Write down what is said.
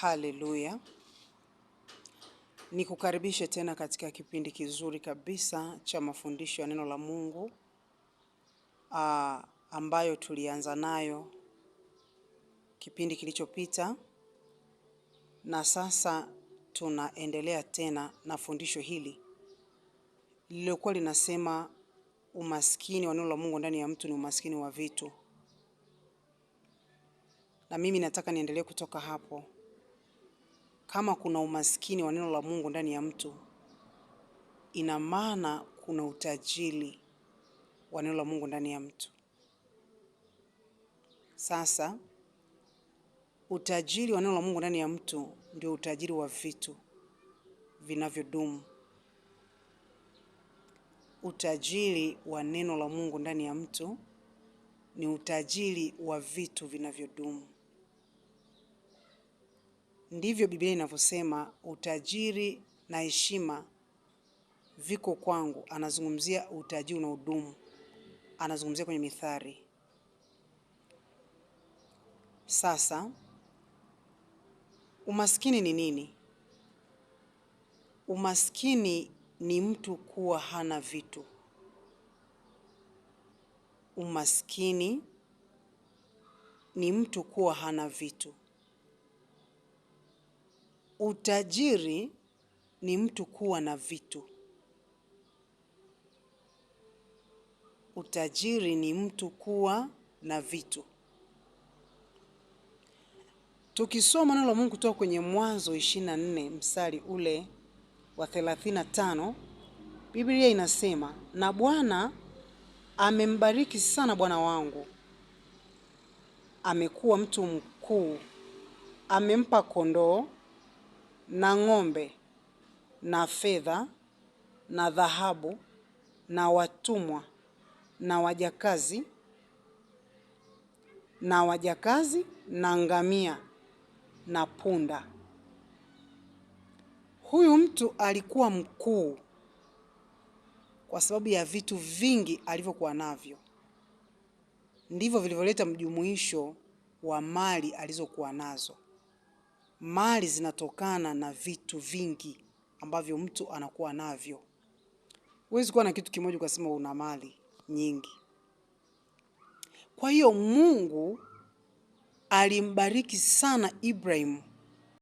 Haleluya, nikukaribishe tena katika kipindi kizuri kabisa cha mafundisho ya neno la Mungu aa, ah, ambayo tulianza nayo kipindi kilichopita, na sasa tunaendelea tena na fundisho hili lililokuwa linasema umaskini wa neno la Mungu ndani ya mtu ni umaskini wa vitu, na mimi nataka niendelee kutoka hapo kama kuna umaskini wa neno la Mungu ndani ya mtu, ina maana kuna utajiri wa neno la Mungu ndani ya mtu. Sasa utajiri wa neno la Mungu ndani ya mtu ndio utajiri wa vitu vinavyodumu. Utajiri wa neno la Mungu ndani ya mtu ni utajiri wa vitu vinavyodumu. Ndivyo Biblia inavyosema, utajiri na heshima viko kwangu. Anazungumzia utajiri na udumu, anazungumzia kwenye Mithali. Sasa umaskini ni nini? Umaskini ni mtu kuwa hana vitu. Umaskini ni mtu kuwa hana vitu. Utajiri ni mtu kuwa na vitu. Utajiri ni mtu kuwa na vitu. Tukisoma neno la Mungu kutoka kwenye Mwanzo 24 mstari ule wa 35, Biblia inasema, na Bwana amembariki sana bwana wangu, amekuwa mtu mkuu, amempa kondoo na ng'ombe na fedha na dhahabu na watumwa na wajakazi na wajakazi na ngamia na punda. Huyu mtu alikuwa mkuu kwa sababu ya vitu vingi alivyokuwa navyo, ndivyo vilivyoleta mjumuisho wa mali alizokuwa nazo mali zinatokana na vitu vingi ambavyo mtu anakuwa navyo. Huwezi kuwa na kitu kimoja ukasema una mali nyingi. Kwa hiyo Mungu alimbariki sana Ibrahim